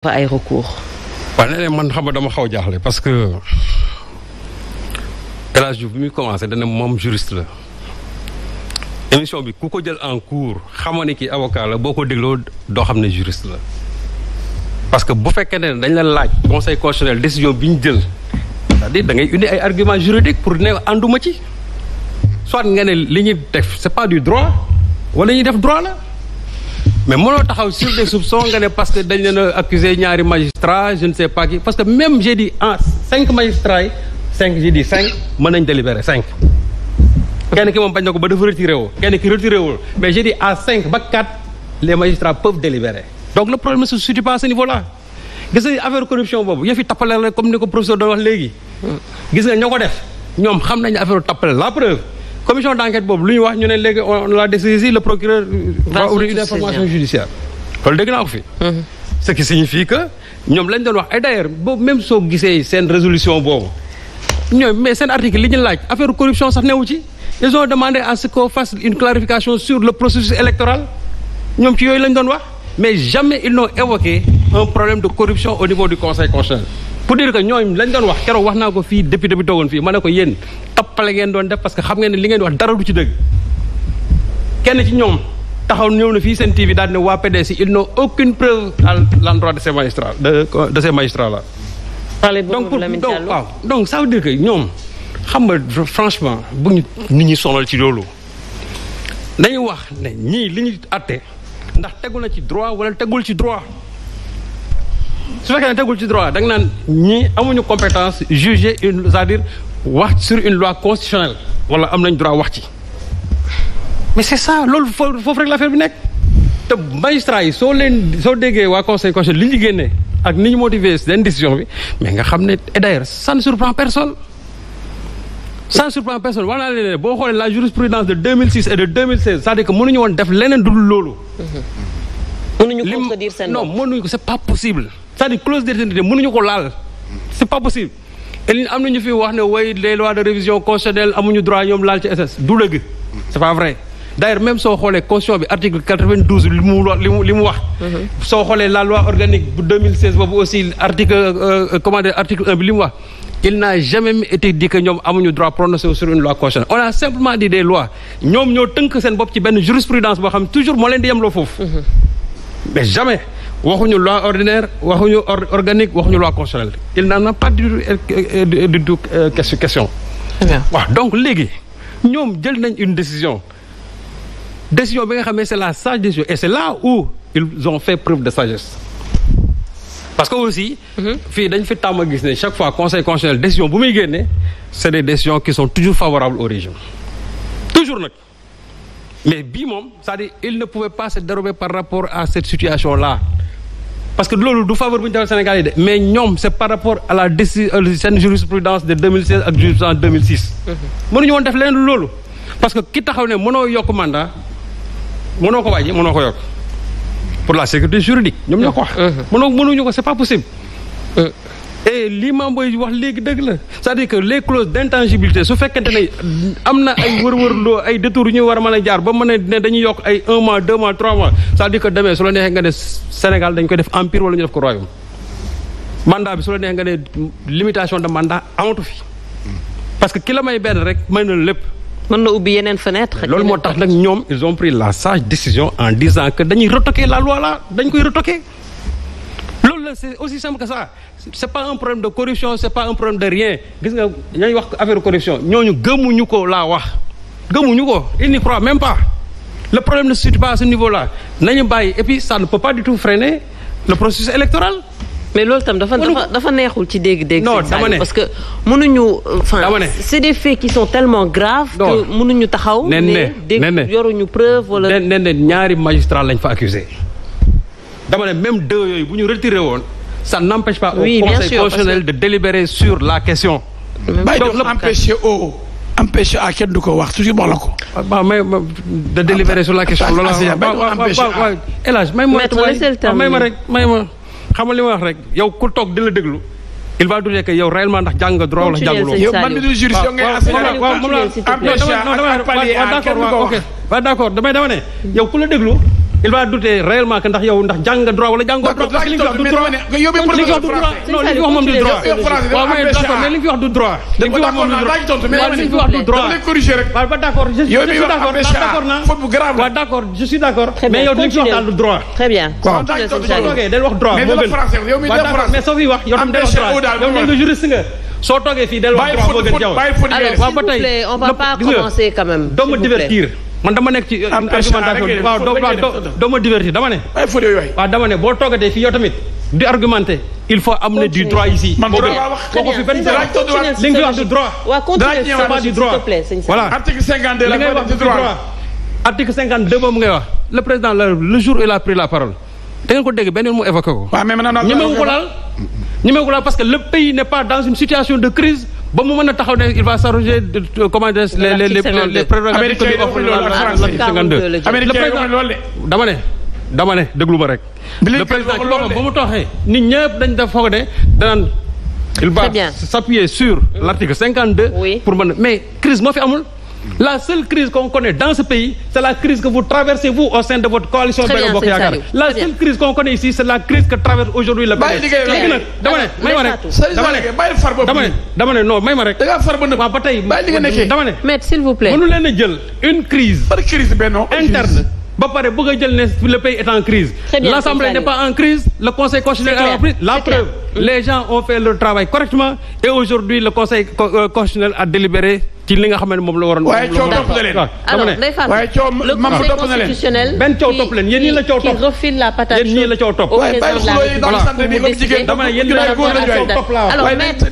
ba ay recours. waaw nee man xam nga dama xaw jaaxle parce que El Hadj bi muy commencé dana moom juriste la émission bi ku ko jël en cours xama ne kii avocat la boo ko dégloo doo xam ne juriste la parce que bu fekkee ne dañ la laaj conseil constitutionnel décision bi ñu jël c'est-à-dire da ngay indi ay arguments juridiques pour ne ànduma ci soit nga ne li ñuy def c'est pas du droit wala ñuy def droit la. mais mënoo taxaw sur des soupçons nga ne parce que dañ leen a accusé ñaari magistrat je ne sais pas qui parce que même j'ai dit ah, cinq magistrats yi cinq j'ai cinq mën nañ délibéré cinq kenn ki moom bañ na ko ba dafa retiré woo kenn ki retiré wul mais j'ai à cinq ba quatre les magistrats peuvent délibérer donc le problème ne se situe pas à ce niveau boobu yëf yi tappale la comme ko professeur doon gis nga ñoo ko def ñoom xam nañu affaire tappale la preuve commission d' enquête boobu lu ñu wax ñu ne léegi on la décision le procureur va ouvrir une information judiciaire dégg naa ko mm-hmm. ce qui signifie que ñoom lañ doon wax ay d' ailleurs boobu même soo gisee seen résolution boobu ñoom mais seen article li ñu laaj affaire corruption sax newu ci ils ont demandé à ce qu'on fasse une clarification sur le processus électoral ñoom ci yooyu lañ doon wax mais jamais ils n'ont évoqué un problème de corruption au niveau du conseil pour dire que ñooñu lañ doon wax keroog wax naa ko fii député bi toogoon fii ma ko yéen tappale ngeen doon def parce que xam ngeen ne li ngeen wax dara du ci dëgg kenn ci ñoom taxaw ñëw na fii seen TV daal ne waa PDS ils n'ont aucune preuve à l'endroit de ces magistrats de de ces magistrats là. donc saa waaw donc dire que ñoom xam nga franchement bu ñu nit ñi sonal ci loolu dañuy wax ne ñii li ñu àtte ndax tegu na ci droit wala tegul ci droit. su fekkee ne tegul ci droit da nga naan ñi amuñu compétence juger une c'est-à-dire wax sur une loi constitutionnelle wala am nañ droit wax ci mais c'est ça loolu foofu rek l'affaire bi nekk te magistrat yi soo leen soo déggee waa conseil constitutionnel li ñu génnee ak ni ñu motivé seen décision bi mais nga xam ne et d'ailleurs ça ne personne ça ne surprend personne wax naa leen ne boo xoolee la jurisprudence de 2006 et de 2016 c'est-à-dire que mënuñu woon def leneen dudul loolu. mënuñu c'est-à-dire clause mënuñu ko laal c'est pas possible et am na ñu fi wax ne way les lois de révision constitutionnelle amuñu droit ñoom laal ci SS du dëgg c'est pas vrai d'ailleurs même soo xoolee constitution bi article li mu li mu wax mhm. soo xoolee la loi organique bu 2016 boobu aussi article euh, euh, comment dire article 1 bi li mu wax il n'a jamais été dit que ñoom amuñu droit prononcé sur une loi constitutionnelle on a simplement dit des lois ñoom ñoo tënk seen bopp ci benn jurisprudence boo xam toujours moo leen di yemloo foofu mhm. mais waxuñu loi ordinaire waxuñu organique waxuñu loi constitutionnelle il n'en na pas du euh, du tout euh, question. waaw donc léegi ñoom jël nañ une décision décision bi nga xam ne c'est la sage décision et c'est là où ils ont fait preuve de sagesse. parce que aussi. Mm-hmm. fii dañ fi tàmm a gis ne chaque fois conseil constitutionnel décision bu muy génnee c'est des décisions qui sont toujours favorables au régime toujours nag. mais bii moom c'est-à-dire il ne pouvait pas se dérober par rapport à cette situation-là parce que loolu du faveur bu ñu defal Sénégal mais ñoom c' par rapport à la décision euh, seen jurisprudence de ak mhm. mënuñu woon def leneen loolu. parce que ki taxaw ne mënoo yokk mandat mënoo ko wàññi mënoo ko yokk pour la sécurité juridique. ñoom ñoo ko wax. Mhm. mënoo mënuñu ko c' pas possible. Euh, et li Mame Boye wax léegi dëgg la c'est-à-dire que les clauses d'intangibilité su fekkente ne am na ay wër-wërloo ay détours yu ñu war a mën a jaar ba mën a ne dañu yokk ay un mois deux mois trois mois c'est-à-dire que demee su la neexee nga ne Sénégal dañ koy def empire wala ñu def ko royaume mandat bi su la neexee nga ne limitation de mandat amatu fi parce que ki la may benn rek may na lépp. mën na ubbi yeneen fenêtre. loolu moo tax nag ñoom ils ont pris la sage décision en disant que dañuy retoquer la loi dañ koy retoquer. la c'est aussi simple que ça c'est pas un problème de corruption c'est pas un problème de rien gis nga ñooñu wax affaire corruption ñooñu gëmuñu ko laa wax gëmuñu ko il n'y croit même pas le problème ne se situe pas à ce niveau là nañu bàyyi et puis ça ne peut pas du tout freiner le processus électoral mais loolu tam dafa dafa dafa neexul ci dégg-dégg. non dama ne parce que mënuñu. enfin c'est des faits qui sont tellement graves. que mënuñu taxaw. ne ne ne yoruñu preuve wala. ne ne ñaari magistrat lañ fa accusé dama ne même deux yooyu bu ñu retiré woon ça n'empêche pas au oui, conseil de délibérer sur la question bàyyi la empêché o a kenn la ko ah, de délibérer sur la question loolu waaw El Hadj may ma may ma rek may ma xamal li ma wax rek yow ku toog di la déglu il va douter que yow réellement ndax jàng nga droit wala jànguloo. yow man la. empêché ak palier d' accord damay dama ne yow ku la déglu. il va douter réellement que ndax yow ndax jàng nga droit wala jàngoo droit parce que li nga wax du droit li nga wax du droit non li nga wax moom du droit waaw mais d'accord mais li nga wax du droit li nga wax moom du droit du droit waaw ba d'accord je suis d'accord d'accord naa waaw d'accord je suis d'accord mais yow li nga wax daal du droit très bien waaw toogee day wax droit moo gën waaw d'accord mais soo fi wax yow tam day wax droit yow nee nga juriste nga soo toogee fii del wax droit moo gën jaw alors s'il vous plaît on va pas commencer quand même doo ma divertir man dama nekk ci. Euh, argumentation waaw doo ma divertir dama ne. ay dama ne boo toogatee fii yow tamit di argumenter. il faut amener du droit ici. man wax du droit. waaw continuez seulement du du droit. article cinquante deux boobu ngay le président le jour il la parole. da ngeen ko dégg benn yoon mu évoqué ko. waaw mais maintenant ñemewu parce que le pays n'est pas dans une situation de crise ba mu mën a taxaw ne il va s'arroger comment dire les les les prérogatives que offre l'article 52 dama ne dama ne déglu ma rek le président ci boppam ba mu tooxee nit ñëpp dañ def foog ne danaan il va s'appuyer sur l'article 52 pour mën mais crise moo fi amul La seule crise qu'on connaît dans ce pays, c'est la crise que vous traversez, vous, au sein de votre coalition Benno Bokk Yaakaar. La seule crise qu'on connaît ici, c'est la crise que traverse aujourd'hui le PDS. léegi nag dama ne may ma rek dama ne dama ne dama ne non ma rek. da ne. maître s'il une crise. par crise benno interne. ba pare ne le pays est en crise. l'Assemblée n'est pas en crise le conseil constitutionnel en crise la preuve. les gens ont fait leur travail correctement et aujourd'hui le conseil euh, constitutionnel a délibéré ci nga xam ne moom la waroon. le conseil constitutionnel. benn coow topp leen yéen ñii la coow topp qui refile la patate chaude. yéen ñii la coow topp waaye la góor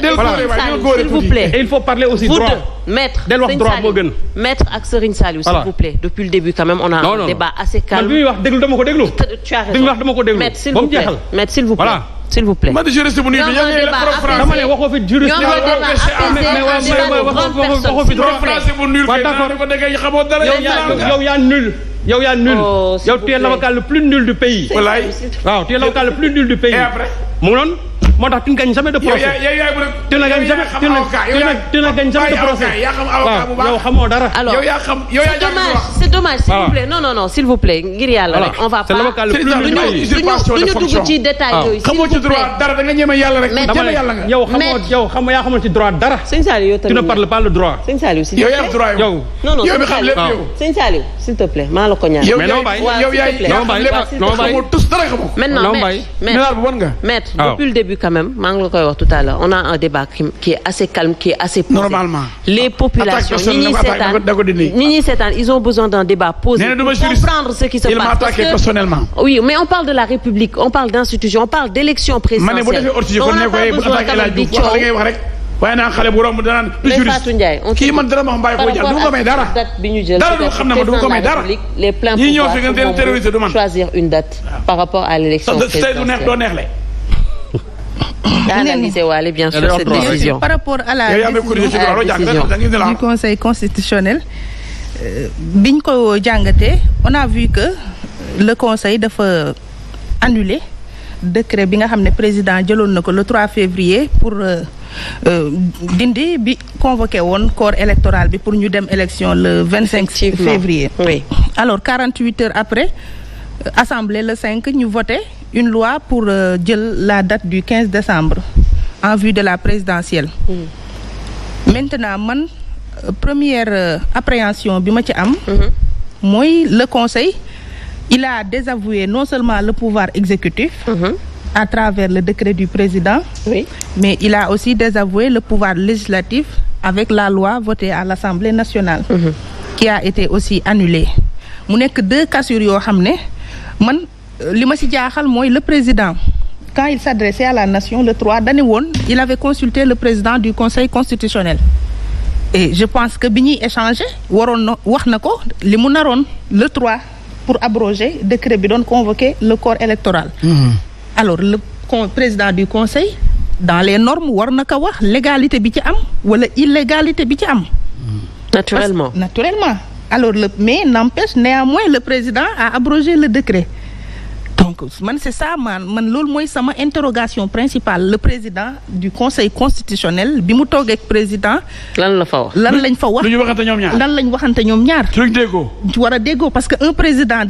la s'il vous plaît. et il faut parler aussi droit. maître Serigne Saliou maître ak Serigne s'il vous plaît depuis le début quand même on a un débat assez calme. man bi muy wax déglu dama ko déglu. s'il vous plaît. man de juriste bu nuyu bi yéen yéen trop français dama ne waxoo fi juriste. ñoo ko yow yaa nul. yow yaa nul oh, yow tu es l'avocat le plus nul du pays. wallaay waaw tu es l'avocat le plus nul du pays. mu noonu. moo tax tu ne gagnes jamais de procès. tu ne gagnes jamais tu ne tu ne gagnes jamais de procès. waaw yow xamoo dara. alors c'est dommage c'est dommage s'il vous plaît non non non s'il vous plaît ngir yàlla rek. on va pas duñu duñu dugg ci détail yooyu. s'il vous plaît xamoo ci droit dara da nga ñeme yàlla rek. mais dama ne yow xamoo yow xamoo yaa xamoo ci droit dara. sëñ Saliou yow tamit tu ne parles pas le droit. sëñ Saliou s'il te plaît yow yaa droit yow. non non sëñ Saliou s'il te plaît maa la ko ñaan. yow yaay yow yaay yaa xam lépp xamoo tus dara xamoo. maintenant maître maître depuis le début quand même maa tout à l'heure on a un débat qui est assez calme qui est assez posé. les populations ñi ñuy ils ont besoin d'un débat posé pour ce qui se passe. il oui mais on parle de la république on parle d'institution on parle d'élection présidentielle. on n'a pas eh, bu romb danaan juriste kii man dara ma xam bàyyi ko jàll du ko may dara dara du choisir une date par rapport à l'élection présidentielle analyser ah, waale bien sûr cette décision par rapport à la décision ah, du conseil constitutionnel euh, biñ ko jàngate on a vu que le conseil dafa annulé décret bi nga xam ne président jëloon na ko le 3 février pour euh, euh, dindi bi convoqué woon corps électoral bi pour ñu dem élection le 25 février oui alors 48 heures après assemblée le cinq ñu voté une loi pour euh, jël la date du 15 décembre en vue de la présidentielle mm. maintenant man euh, première euh, appréhension bi ma ci am -hmm. mooy le conseil il a désavoué non seulement le pouvoir exécutif mm-hmm. à travers le décret du président mais il a aussi désavoué le pouvoir législatif avec la loi votée à l'Assemblée nationale mm-hmm. qui a été aussi annulée mu nekk deux cassures yoo xam ne man Euh, li ma ci jaaxal mooy le président quand il s'adressait à la nation le 3 dane woon il avait consulté le président du conseil constitutionnel et je pense que bi ñuy échangé waroon na wax na ko li mu naroon le 3 pour abroger décret bi doon convoquer le corps électoral mmh. alors le président du conseil dans les normes war na ko wax légalité bi ci am wala illégalité bi ci am mhm. naturellement Parce, naturellement alors le mais n'empêche néanmoins le président a abrogé le décret donc man c'est ça man loolu mooy sama interrogation principale la président du conseil constitutionnel bi mu toog président. lan la fa wax lan lañ fa wax. lu ñu waxante ñoom ñaar lan lañ waxante ñoom ñaar. war a déggoo parce que un président.